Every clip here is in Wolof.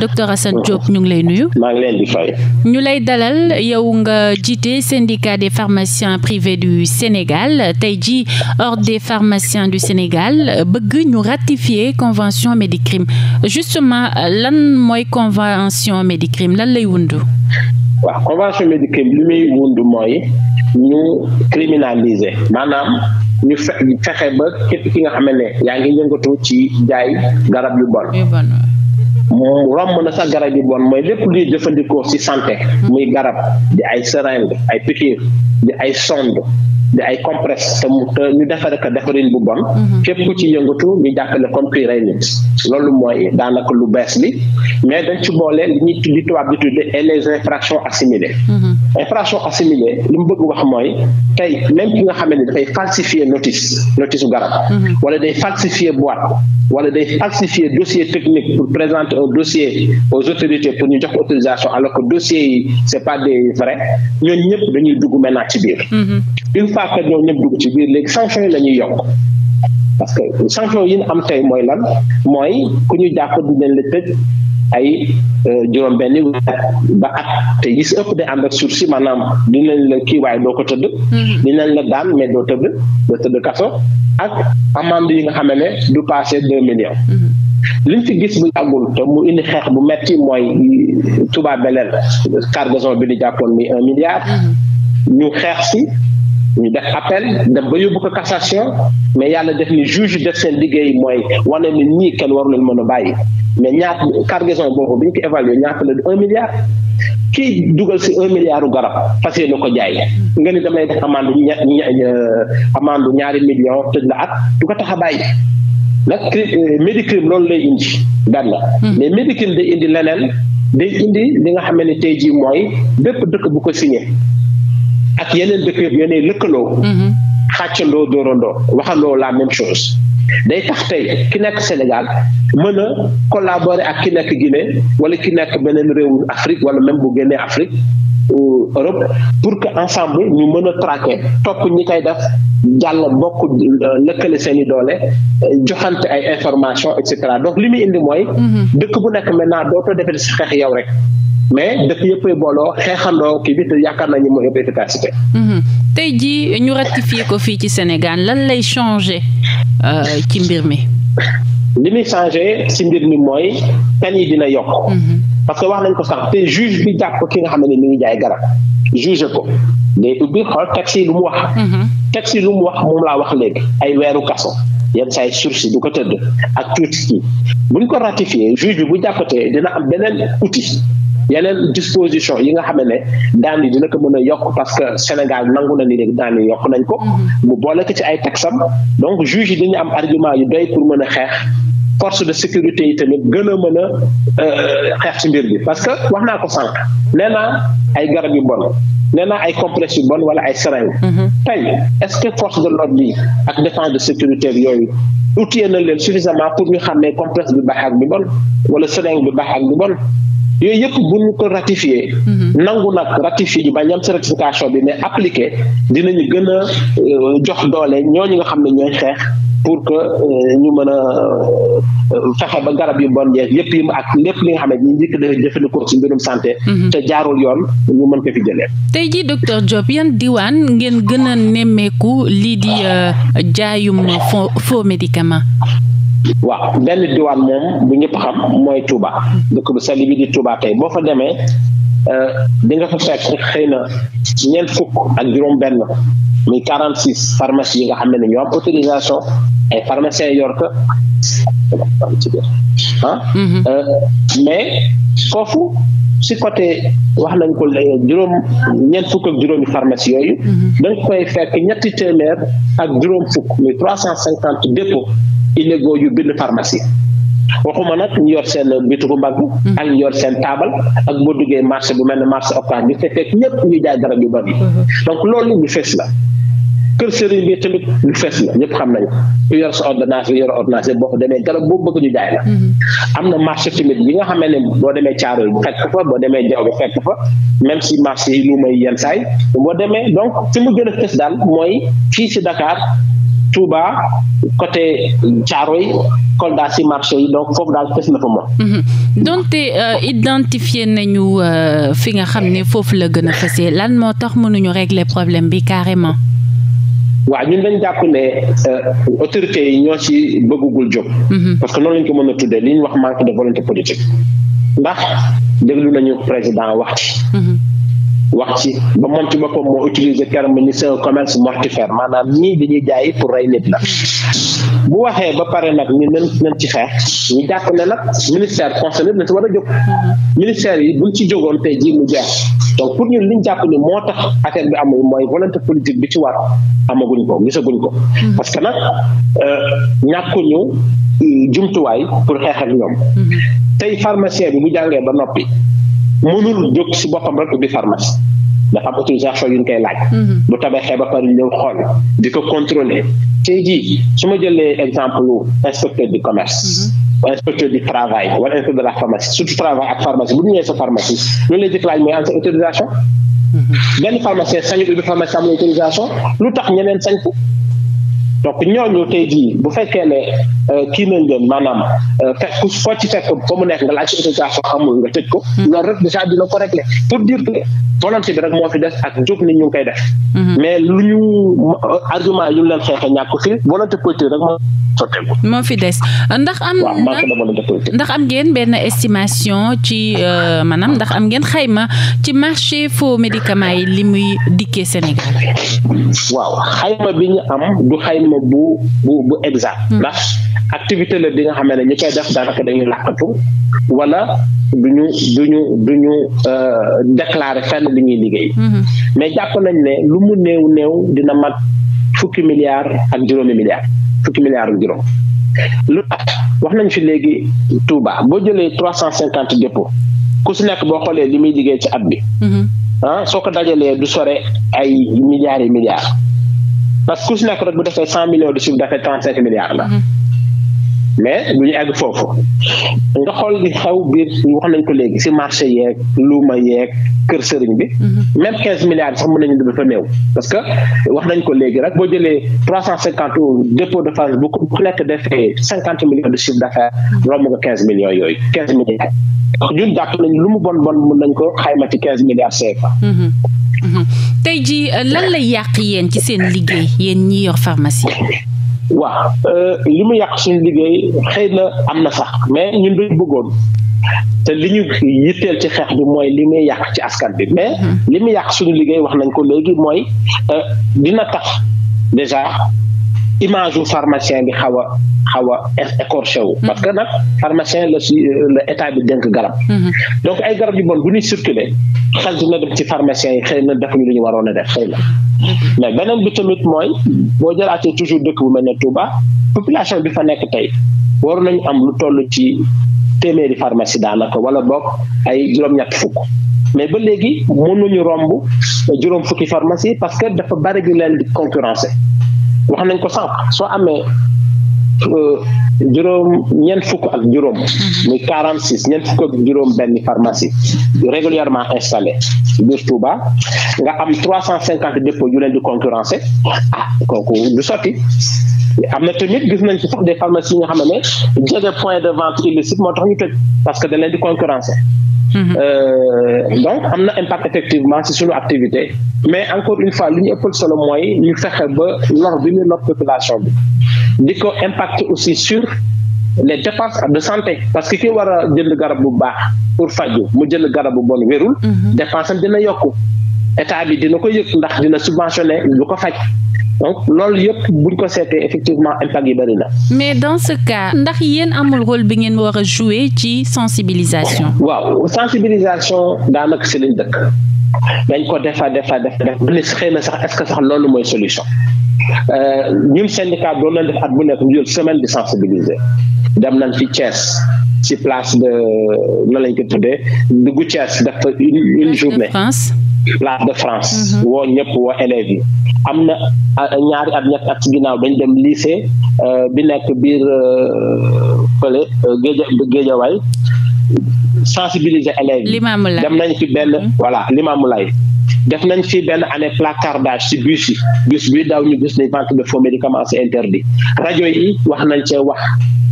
docteur Assane Diop ñu ngi lay nuyu. maa ñu lay dalal yow nga jiite syndicat des pharmaciens privés du Sénégal tey ji ordre des pharmaciens du Sénégal bëgg ñu ratifier convention Médicrim justement lan mooy convention médicrime lan lay wundu. waaw convention Médicrim li muy wundu mooy ñu criminaliser maanaam ñu fexe ba képp ki nga xam yaa ngi yëngatu ci jaay garab yu bon. romb na sax garab yi bon mooy lépp luy jëfandikoo ci santé muy garab di ay seringue ay piqûre di ay sonde di ay compresse te mu te ñu defaree ko defarin bu bon. Mhm. képp ku ci yëngatu ñu jàppale comme kuy nit. loolu mooy daanaka lu bees bi mais dañ ci boole li ñuy tudd tubaab di tuddee et les infractions assimilées. Mm -hmm. infraction assimilée lu mu bëgg wax mooy tey même ki nga xamante ni dafay falsifier notice notice u garab mhm. wala day falsifier boîte wala day falsifier dossier technique pour présenter un dossier aux autorités pour ñu jox autorisation alors que dossier yi c'est pas des vrais ñoom ñëpp dañuy dugg maintenant ci biir mhm. une fois que ñoom ñëpp dugg ci biir léegi sanction yi la ñuy yokk parce que sanction yi nu am tey mooy lan mooy ku ñu jàpp dinañ la tëj ay euh, juróom benni ba at te gis ëpp day ànd ak sursis maanaam dinañ la kii waaye doo ko tëdd mm-hmm. dinañ la daan mais doo tëdd doo tëdd kaso ak amende yi nga xam ne du passé deux millions mm-hmm. liñ fi gis bu yàggul te mu indi xeex bu metti mooy Touba Belel cargaison bi di jàppoon mi un milliard mm-hmm. ñu xeex si ñu def appel dem ba yóbbu ko cassation mais yàlla def ni juge def seen liggéey mooy wane ni ñii kenn waru leen mën a bàyyi mais ñaata cargaison boobu bi ñu ko évalué ñaata la un milliard kii dugal si un milliard garab fas yéene ko jaay nga ni damay def amende amende ñaari million tëj la at du ko tax a bàyyi nag euh, Medicrime loolu lay indi benn hmm. mais Medicrime day indi leneen day indi li nga xam ne tey jii mooy bépp dëkk bu ko signé ak yeneen dëkk yëpp lëkkaloo. Mhm. xàccandoo dóorandoo waxandoo la même chose. day tax tey ki nekk Sénégal mën a collaborer ak ki nekk Guinée wala ki nekk beneen réewu Afrique wala même bu génnee Afrique Europe pour que ensemble ñu mën a traquer topp ñi koy def jàll bokk lëkkale seen i doole joxante ay information et cetera donc li muy indi mooy. Mhm. dëkk bu nekk maintenant dootoo defee si xeex yow rek. mais dëkk yëppay booloo xeexandoo kii bi te yaakaar nañu mooy ëpp efficacité. Mhm. tey jii ñu ratifié ko fii ci Sénégal lan lay changé euh, ci mbir mi. li muy changé ci mbir mi mooy peine yi dina yokk. Mhm. parce que wax nañ ko sànq te juge bi jàpp ki nga xam ne mi ngi jaay garab juge ko day bi xool taxi yi lu mu wax. Mhm. taxi yi lu mu wax moom laa wax léegi ay weeru kaso. yenn saa yi sursi du ko tëdd ak tuuti buñ ko ratifié juge bi bu jàppatee dina am beneen outil yeneen disposition yi nga xam ne daan yi dina ko mën a yokk parce que Sénégal nangu na ni rek daan yokk nañ ko mhm. mu boole ko ci ay taxam donc juge yi dañu am argument yu doy pour mën a xeex force de sécurité yi tamit gën a mën a euh, xeex ci mbir bi parce que wax naa ko sànq nee naa ay garab yu bon nee naa ay complexe yu bon wala ay seringue mhm. tey est-ce que force de l'ordre bi ak défense de sécurité bi yooyu outillé na leen suffisamment pour ñu xam ne complexe bi baax ak bi bon wala ak bi bon yooyu yëpp bu ñu ko ratifié. Mhm. nangu nag ratifié bañ am certification bi mais appliqué dinañu gën a euh, jox doole ñooñu nga xam ne ñooy xeex pour que euh, ñu mën a euh, fexe ba garab yu bon yeeg yëpp yi mu ak lépp li nga xam ne ñu njëkk a jëfandikoo ci mbirum santé. Mhm. te jaarul yoon ñu mën ko fi jëlee. tey jii docteur Diop yan ngeen gën a nemmeeku lii di jaayum faux médicament. waaw benn diwaan moom bu ñëpp xam mooy Touba dëkk bu sell bi di Touba tey boo fa demee euh, di nga fa fekk xëy na ñeent fukk ak juróom-benn muy 46 pharmacie yi nga xam ne ñoo am autorisation ay pharmaciens yor ko ah. Mm-hmm. Euh, mais foofu si côté wax nañ ko juróom ñeent fukk juróomi pharmacie yooyu. Mm-hmm. da nga koy fekk ñetti téeméer ak juróom fukk muy 350 dépôt. illégaux yu bind pharmacie waxuma nag ñu yor seen bitigu mbagg mm-hmm. ak ñu yor seen taabal ak boo duggee marché bu mel ne marché Ocass bi te fekk ñëpp yu bari mm-hmm. donc loolu lu la kër sëriñ bi tamit lu ñëpp xam nañu ku yor sa ordonnance bi boo demee garab boobu bëgg ñu jaay mm-hmm. am na marché tamit yi nga xamee ne boo demee caaro bi fekk fa boo demee jaw bi fekk fa même si marché yi lu may yenn saay boo demee donc fi mu gën fees daal mooy fii si Dakar Touba côté Thiaroye Kolda si marché yi donc foofu daal fes na fa moom. Mhm. donte euh, identifier nañu euh, fi nga xam ni foofu la gën a fësee lan moo tax mënuñu régler problème bi carrément. waa ñun dañ jàpp ne euh, autorités yi ñoo ci bëggugul jóg. Mhm. parce que noonu lañ ko mën a tuddee li wax manque de volonté politique ndax déglu nañu président wax ci. Mhm. wax ci ba moom ci boppam moo utiliser terme ni c'est un commerce mortifère maanaam ñii dañuy jaay pour rey nit la bu waxee ba pare nag ñu nen nañ ci xeex ñu jàpp ne nag ministère concerné na si war a jóg mhm. ministère yi buñ ci jógoon tey jii mu jeex donc pour ñu liñ jàpp ni moo tax affaire bi amul mooy volonté politique bi ci war amaguñ ko gisaguñ ko mhm. parce que nag euh, ñàkkuñu euh, jumtuwaay pour xeexal ak ñoom mhm. tey pharmacien bi bu jàngee ba noppi mënul jóg si boppam rek ubbi pharmacie dafa am autorisation yu ñu koy laaj. Mhm. bu tabaxee ba pare ñëw xool di ko contrôler te jii su ma jëlee exemple inspecteur du commerce. Mhm. inspecteur du travail wala inspecteur de la pharmacie surtout travail ak pharmacie bu ñu ñëwee sa pharmacie loolu lay jëkk laaj mooy am sa autorisation. Mhm. benn pharmacie am autorisation lu tax ñeneen sañ ko. donc ñooñu tey jii bu fekkee ne euh, kii nañ leen maanaam euh, fekk ku foo ci fekk ba mu nekk nga laaj autorisation amul nga tëj ko. Hmm. loolu mu déjà dina ko régler pour dire que volonté bi rek moo fi des ak jóg ni ñu koy def. Hmm. mais lu ñu argument yu leen xeexe ñàkk fi volonté politique rek moo sotteeku. moo fi des ndax am ndax am ngeen benn estimation ci euh, maanaam ndax am ngeen xayma ci marché faux médicament yi li muy dikkee Sénégal. waaw xayma bi ñu am du xayma. terme bu bu bu exact hmm. ndax activité la bi nga xam ne ñi koy def daanaka dañuy làqatu wala duñu duñu duñu euh, déclarer fenn li ñuy liggéey hmm. mais jàpp nañ ne lu mu néew néew dina mat fukki milliards ak juróomi milliards fukki milliards ak juróom lu tax wax nañ fi léegi Touba boo jëlee trois cent cinquante dépôt ku si nekk boo xoolee li muy liggéey ci at bi hmm. ah soo ko dajalee du sore ay milliards yi milliards parce que ku si nekk bu defee cent millions de chiffre d'affaires trente cinq milliards la. mais du ñu àgg foofu nga xool di xew biir wax nañ ko léegi si marché yeeg luuma yeeg kër sëriñ bi. même quinze milliards sax mën nañu dafa néew. parce que wax nañ ko léegi rek boo jëlee trois cent cinquante dépôt de phase bu ku nekk defee cinquante millions de chiffre d'affaires romb nga quinze millions yooyu quinze milliards. ñun nañ lu mu bon bon mën nañ ko xayma ci quinze milliards Mhm. tey jii euh, lan lay yàq yéen ci seen liggéey yéen ñi yor pharmacie. waaw euh, li mu yàq suñu liggéey xëy na am na sax mais ñun duñ bëggoon te li ñu yitteel ci xeex bi mooy li muy yàq ci askan bi mais mhm. li mu yàq suñu liggéey wax nañ ko léegi mooy euh, dina tax déjà image yu pharmacien bi xaw a xaw a écorché wu mm-hmm. parce que nag pharmacien la si euh, la état bi dénk garab mm-hmm. donc ay garab yu bon bu ñuy circuler xel dina dem ci pharmacien yi xëy na defuñu lu ñu waroon a def xëy na mm-hmm. mais beneen bu tamit mooy boo jëlaatee toujours dëkk bu mel ne Touba population bi fa nekk tey waru nañu am lu toll ci téeméeri pharmacie daanaka wala bokk ay juróom-ñett fukk mais ba léegi mënuñu romb juróom fukki pharmacie parce que dafa bari ñu leen di concurrencer wax nañ ko sànq soo amee euh, juróom ñeent fukk ak juróom mm-hmm. muy quarante six ñeent fukk ak juróom benn pharmacie régulièrement installé biir Touba nga am trois cent cinquante dépôts yu leen di concurrencé ah kooku du sotti am na tamit gis nañ ci sax des pharmacies nga xam ne jege point de vente illicite moo tax ñu tëj parce que da leen di concurrencé Mhm. Euh, donc am na impact effectivement ci suñu activité mais encore une fois lu ñu ëppal solo mooy ñu fexe ba lor bi ñu lor population bi di ko impact aussi sur les dépenses de santé parce que ki war a jënd garab bu baax pour faju mu jënd garab bu bon wérul mhm. dépense am dina yokku état bi dina ko yëg ndax dina subventionné lu ko faj donc loolu yëpp buñ ko seetee effectivement impact yi bëri na. mais dans ce cas ndax yéen amul rôle bi ngeen war a jouer ci sensibilisation. waaw sensibilisation daanaka si lañ dëkk dañ ko defa defa def def ba xëy na sax est-ce que sax loolu mooy solution euh, ñun syndicat doon nañ def at bu nekk ñu jël semaine de sensibiliser dem nañ fi Thiès. ci place de na lañ ko tuddee dugg Thiès def fa une une journée. la de France. Mhm. woo ñëpp woo élèves yi am na ñaari at ñett at ci ginnaaw dañ dem lycée euh, bi nekk biir euh, fële euh, Géeja Géejawaay sensibiliser élèves yi. dem nañ fi benn mhm. voilà limaamu lay def nañ fi benn année placardage ci bus yi bus buy daaw ñu gis ne vente de faux médicaments c'est interdit rajo yi wax nañ cee wax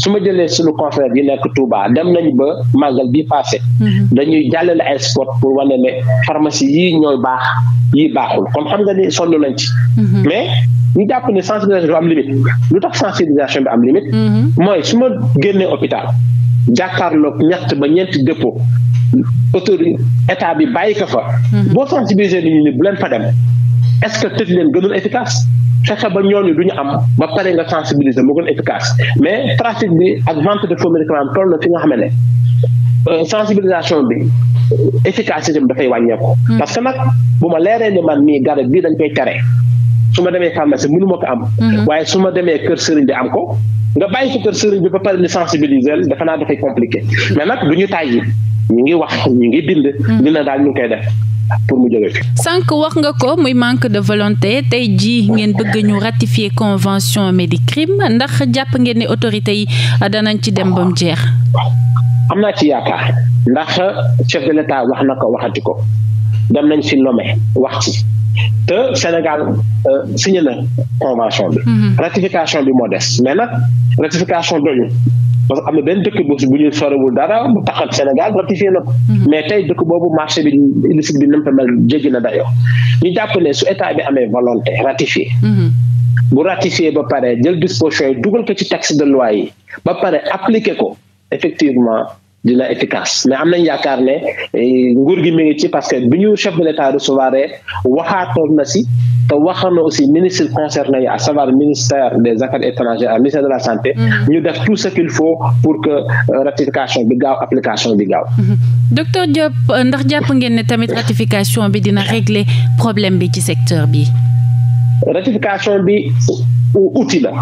su ma jëlee suñu confrère yi nekk Touba dem nañ ba màggal bi passé mhm. dañuy jàllale ay spot pour wane ne pharmacie yi ñooy baax yii baaxul kon xam nga ni sonn nañ ci mhm. mais ñu jàpp ne sensibilisation bi am limite lu tax sensibilisation bi am limite mooy su ma génnee hôpital jàkkaarloog ñett ba ñeenti dépôt autorité état bi bàyyi ko fa. Mhm. boo sensibiliser nit ñi ni bu leen fa dem est-ce que tëj leen gënul efficace. fexe ba ñooñu du ñu am ba pare nga sensibiliser moo gën efficace mais trafic bi ak vente de faux médicaments toll na fi nga xam ne euh, sensibilisation bi efficacité bi dafay wàññeeku. Mhm. parce que nag bu ma leeree ne man mii garab bii dañ koy tere su ma demee pharmacie mënu ma ko am. Mhm. waaye su ma demee kër sëriñ bi am ko. nga bàyyi ci kër sëriñ bi ba pare li sensibiliser defe naa dafay compliqué mais nag du ñu tàyyi ñu ngi wax ñu ngi bind. Hmm. dina daal ñu koy def. pour mu jóge fi. sànq wax nga ko muy manque de volonté tey jii ngeen bëgg ñu ratifier convention Médicrime ndax jàpp ngeen ne autorité yi danañ ci dem ba mu jeex. am naa ci yaakaar ndax chef de l' wax na ko waxati ko dem nañ si Lomé wax ci te Sénégal euh, signé na convention bi. Mhm. ratification bi moo des mais nag ratification doyu parce que am na benn dëkk bu bu ñu sorewul dara bu taxal Sénégal ratifié na ko. Mhm. mais tey dëkk boobu marché bi illicite bi nam fa mel jéggi na dayoo ñu jàpp ne su état bi amee volonté ratifié. Mhm. bu ratifié ba pare jël disposition yi dugal ko ci texte de loi yi ba pare appliqué ko effectivement. dina efficace mais am nañ yaakaar ne eh, nguur gi mi ngi ci parce que bi ñu chef de l'état recevoir waxaatoon na si te waxoon na aussi ministre concerné yi à savoir ministère des affaires étrangères ak de la santé. Mm-hmm. ñu def tout ce qu'il faut pour que euh, ratification bi gaaw application bi gaaw. Mm-hmm. docteur Diop euh, ndax jàpp ngeen ne tamit ratification bi dina régler problème bi ci secteur bi. ratification bi outil la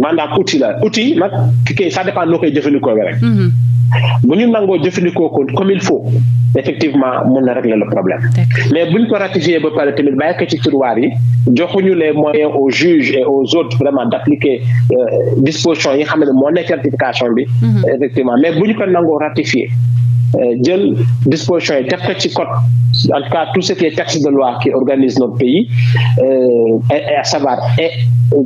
maanaam outil la outil nag kii ça dépend noo koy jëfandikoo rek. Mm-hmm. bu ñu nangoo jëfandikoo ko comme il faut effectivement mun na régler le problème mais bu ñu ko ratifié ba pare tamit bàyyi ko ci tiroir yi joxuñu les moyens aux juges et aux autres vraiment d'appliquer euh, dispositions yi nga xam ne moo nekk certification bi mm-hmm. effectivement mais bu ñu ko nangoo ratifié Euh, jël dispositions yi te ko ci code en tout cas tout ce qui est texte de loi qui organise notre pays euh, et, et à savoir et euh,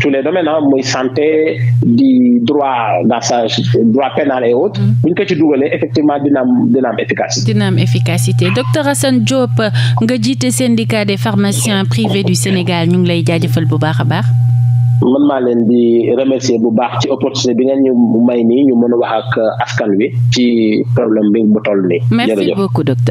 tous les domaines ah santé di droit dans sa droit pénal et autres mm-hmm. bu ñu ko ci dugalee effectivement dina am dina efficacité. dina am efficacité docteur Assane Diop nga jiite syndicat des pharmaciens privés du Sénégal ñu ngi lay jaajëfal bu baax a baax. man maa leen di remercier bu baax ci opportunité bi ngeen ñu may nii ñu mën a wax ak askan wi ci problème bi bu toll nii. jërëjëf merci beaucoup docteur.